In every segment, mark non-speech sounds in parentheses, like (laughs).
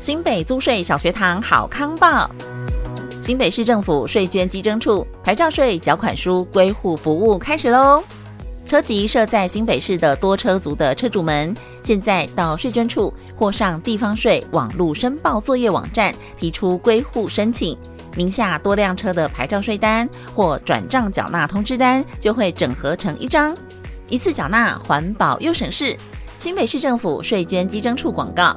新北租稅小學堂好康報，新北市政府稅捐稽徵處牌照稅繳款書歸戶服務開始嘍！車籍設在新北市的多車族的車主們，現在到稅捐處或上地方稅網路申報作業網站提出歸戶申請，名下多輛車的牌照稅單或轉賬繳納通知單就會整合成一張，一次繳納環保又省事。新北市政府稅捐稽徵處廣告。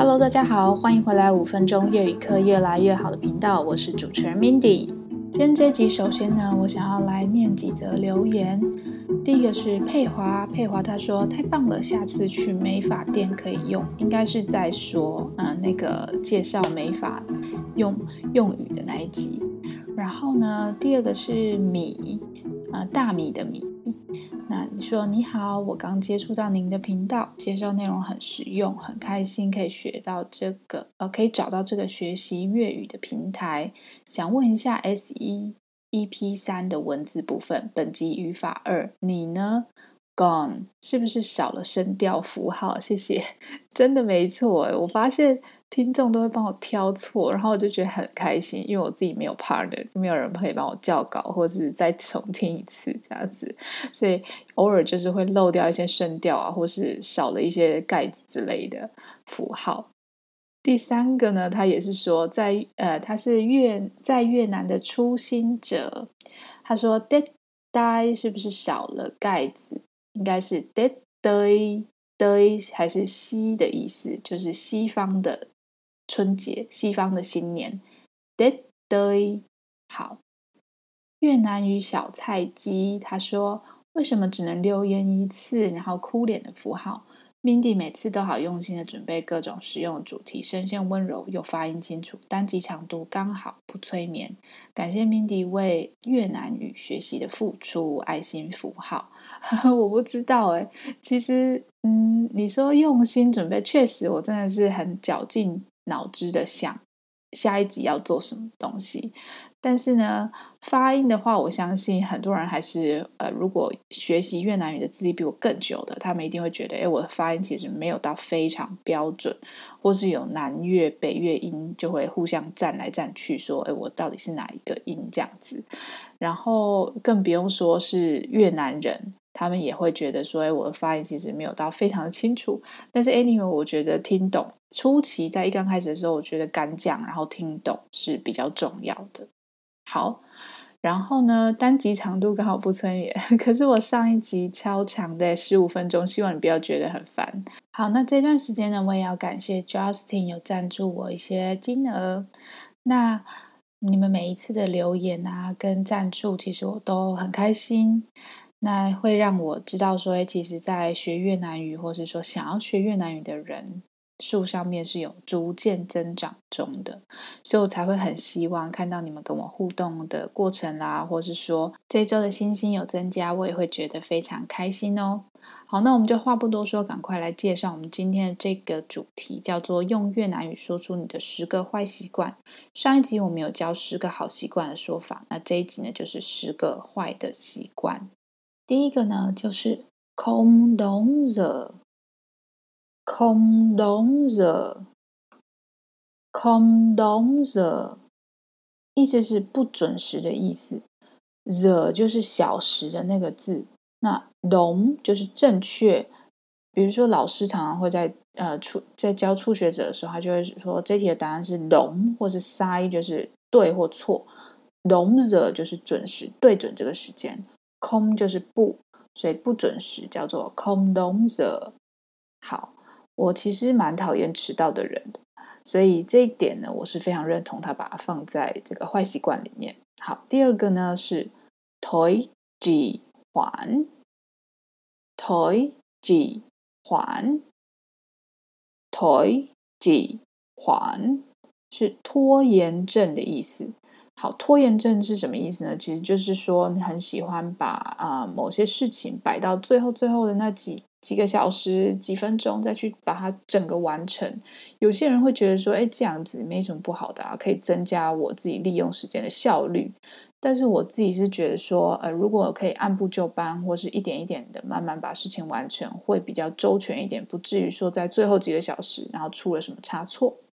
Hello，大家好，歡迎回來《五分鐘越語課》越來越好的頻道，我是主持人 Mindy。今天這集，首先呢，我想要來念幾則留言。第一個是佩華，佩華他說太棒了，下次去美髮店可以用，應該是在說呃那個介紹美髮用用語的那一集。然後呢，第二個是米，呃、大米的米。那你說你好，我剛接觸到您的頻道，介紹內容很實用，很開心可以學到這個，呃，可以找到這個學習粵語的平台。想問一下，SEP 三的文字部分，本集語法二，你呢？Gone 是不是少了聲調符號？謝謝，真的沒錯，誒，我發現。聽眾都會幫我挑錯，然後我就覺得很開心，因為我自己沒有 partner，沒有人可以幫我校稿或是再重聽一次這樣子，所以偶爾就是會漏掉一些聲調啊，或是少了一些蓋子之類的符號。第三個呢，他也是說在呃，他是越在越南的初心者，他說 dead day 是不是少了蓋子？應該是 dead day day 還是西的意思，就是西方的。春節，西方的新年，Day Day 好。越南語小菜雞他說：“為什麼只能留言一次？”然後哭臉的符號，Mindy 每次都好用心的準備各種實用主題，聲線溫柔又發音清楚，單集強度剛好不催眠。感謝 Mindy 為越南語學習的付出，愛心符號。 (laughs) 我不知道哎，其實嗯，你說用心準備，確實我真的是很絞盡腦子的想下一集要做什麼東西，但是呢，發音的話，我相信很多人還是呃，如果學習越南語的資歷比我更久的，他們一定會覺得，欸，我的發音其實沒有到非常標準，或是有南越、北越音，就會互相站來站去，說，欸，我到底是哪一個音這樣子，然後更不用說是越南人。他們也會覺得說：“我的發音其實沒有到非常的清楚。”但是 anyway，我覺得聽懂初期在一剛開始的時候，我覺得敢講，然後聽懂是比較重要的。好，然後呢，單集長度剛好不參與，可是我上一集超長的十五分鐘，希望你不要覺得很煩。好，那這段時間呢，我也要感謝 Justin 有贊助我一些金額。那你們每一次的留言啊，跟贊助，其實我都很開心。那會讓我知道，說誒，其實，在學越南語，或是說想要學越南語的人數上面是有逐漸增長中的，所以我才會很希望看到你們跟我互動的過程啦，或是說這一周的星星有增加，我也會覺得非常開心哦。好，那我們就話不多說，趕快來介紹我們今天的這個主題，叫做用越南語說出你的十個壞習慣。上一集我們有教十個好習慣的說法，那這一集呢，就是十個壞的習慣。第一個呢，就是空 o 者空 on 空 h e on e on e 意思是不準時的意思。“the” 就是小時的那個字，那 o 就是正確。比如說，老師常常會在呃初在教初學者的時候，他就會說這題的答案是 o 或是“塞就是對或錯 o 者就是準時對準這個時間。空就是不，所以不準時叫做空洞者。好，我其實蠻討厭遲到的人的，所以這一點呢，我是非常認同他把它放在這個壞習慣裡面。好，第二個呢，是拖幾還，拖幾還，拖幾還是拖延症的意思。好，拖延症是什麼意思呢？其實就是說，你很喜歡把啊、呃、某些事情擺到最後最後的那幾幾個小時、幾分鐘再去把它整個完成。有些人會覺得說，哎，這樣子沒什麼不好的啊，可以增加我自己利用時間的效率。但是我自己是覺得說，呃，如果可以按部就班，或是一點一點的慢慢把事情完成，會比較周全一點，不至於說在最後幾個小時，然後出了什麼差錯。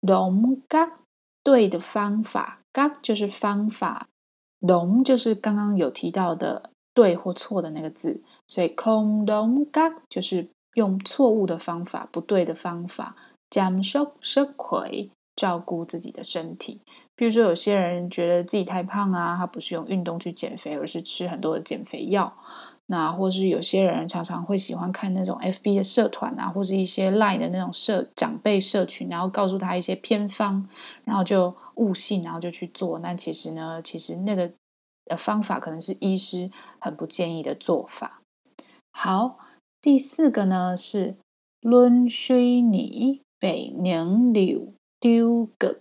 龍嘎對的方法，嘎，就是方法，龍，就是剛剛有提到的對或錯的那個字，所以空龍嘎就是用錯誤的方法，不對的方法，chăm sóc sức khỏe，照顧自己的身體。譬如說，有些人覺得自己太胖啊，他不是用運動去減肥，而是吃很多的減肥藥。那或是有些人常常會喜歡看那種 FB 的社團啊，或是一些 Line 的那種社長輩社群，然後告訴他一些偏方，然後就誤信，然後就去做。那其實呢，其實那個方法可能是醫師很不建議的做法。好，第四個呢是掄水你，被娘柳丟個，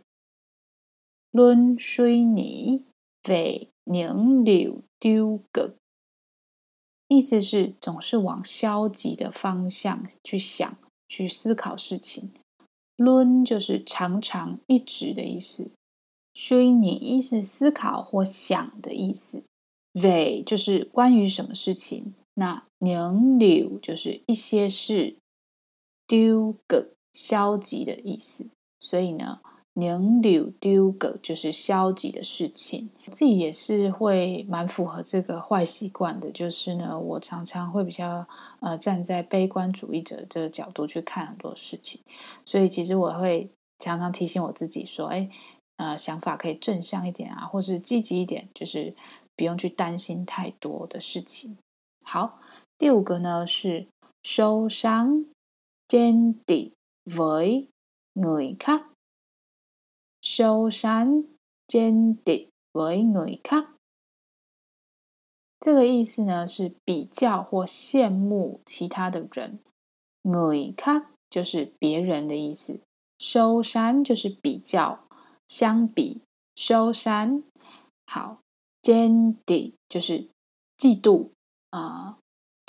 掄水你，被娘柳丟個。意思是總是往消極的方向去想、去思考事情。Luôn 就是常常、一直的意思。所以 suy nghĩ 是思考或想的意思。Về 就是關於什麼事情。那 những 就是一些事 điều 消極的意思。所以呢。兩柳丟個就是消極的事情，自己也是會蠻符合這個壞習慣的。就是呢，我常常會比較呃站在悲觀主義者的這個角度去看很多事情，所以其實我會常常提醒我自己說：“哎，呃，想法可以正向一點啊，或是積極一點，就是不用去擔心太多的事情。”好，第五個呢是 So sánh, ghen tị với người khác 收山，真地，為女克，這個意思呢是比較或羨慕其他的人。女克就是別人的意思，收山就是比較、相比，收山，好，真敵就是嫉妒啊、呃、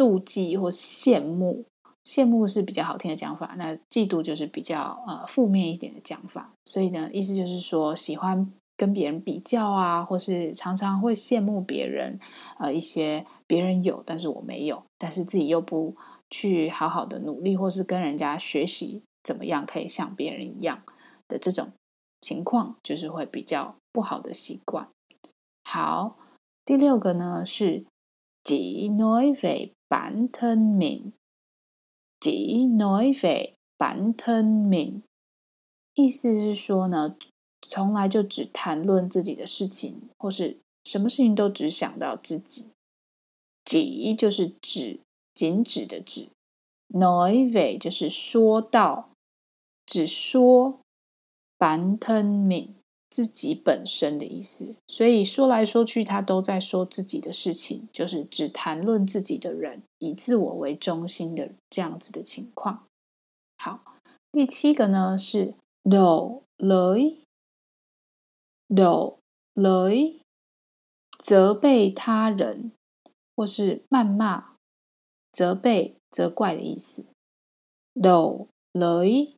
妒忌或羨慕。羨慕是比較好聽的講法，那嫉妒就是比較呃負面一點的講法。所以呢，意思就是說，喜歡跟別人比較啊，或是常常會羨慕別人，呃，一些別人有，但是我沒有，但是自己又不去好好的努力，或是跟人家學習怎麼樣可以像別人一樣的這種情況，就是會比較不好的習慣。好，第六個呢，是 Chỉ nói về bản thân mình (noise) Chỉ nói về bản thân mình，意思是說呢，從來就只談論自己的事情，或是什麼事情都只想到自己。Chỉ 就是只，僅只的只，nói về 就是說到，只說 bản thân mình。自己本身的意思，所以說來說去，他都在說自己的事情，就是只談論自己的人，以自我為中心的這樣子的情況。好，第七個呢是 Đổ lỗi Đổ lỗi，責備他人或是謾罵、責備、責怪的意思。Đổ lỗi。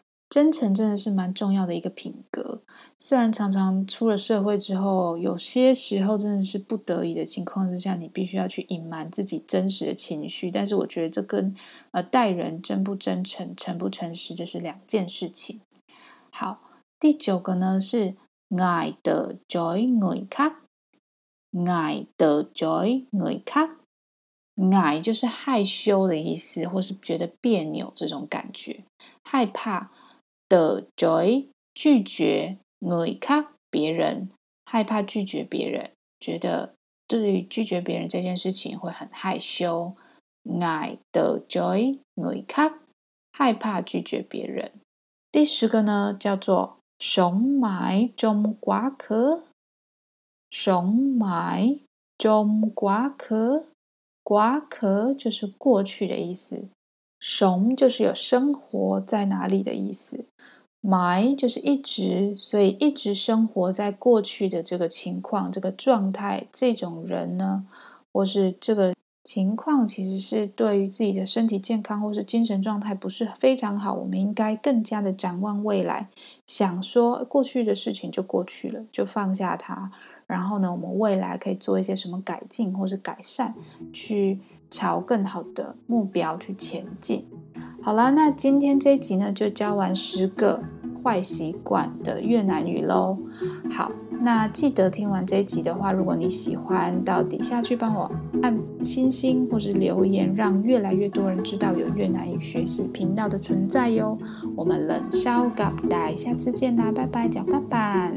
真誠真的是蠻重要的一個品格。雖然常常出了社會之後，有些時候真的是不得已的情況之下，你必須要去隱瞞自己真實的情緒。但是我覺得這跟呃待人真不真誠、誠不誠實，這是兩件事情。好，第九個呢是 Ngại từ chối người khác，Ngại từ chối người khác，Ngại 就是害羞的意思，或是覺得彆扭這種感覺，害怕。的 joy 拒絕內卡別人，害怕拒絕別人，覺得對於拒絕別人這件事情會很害羞。愛的 joy 內卡害怕拒絕別人。第十個呢叫做、嗯、熊買中瓜殼，熊買中瓜殼，瓜殼就是過去的意思。熊就是有生活在哪裡的意思，埋就是一直，所以一直生活在過去的這個情況、這個狀態。這種人呢，或是這個情況，其實是對於自己的身體健康或是精神狀態不是非常好。我們應該更加的展望未來，想說過去的事情就過去了，就放下它。然後呢，我們未來可以做一些什麼改進或是改善，去。朝更好的目標去前進。好啦，那今天這一集呢，就教完十個壞習慣的越南語嘍。好，那記得聽完這一集的話，如果你喜歡，到底下去幫我按星星或是留言，讓越來越多人知道有越南語學習頻道的存在喲。我們冷笑咖喱，下次見啦，拜拜，小伙伴。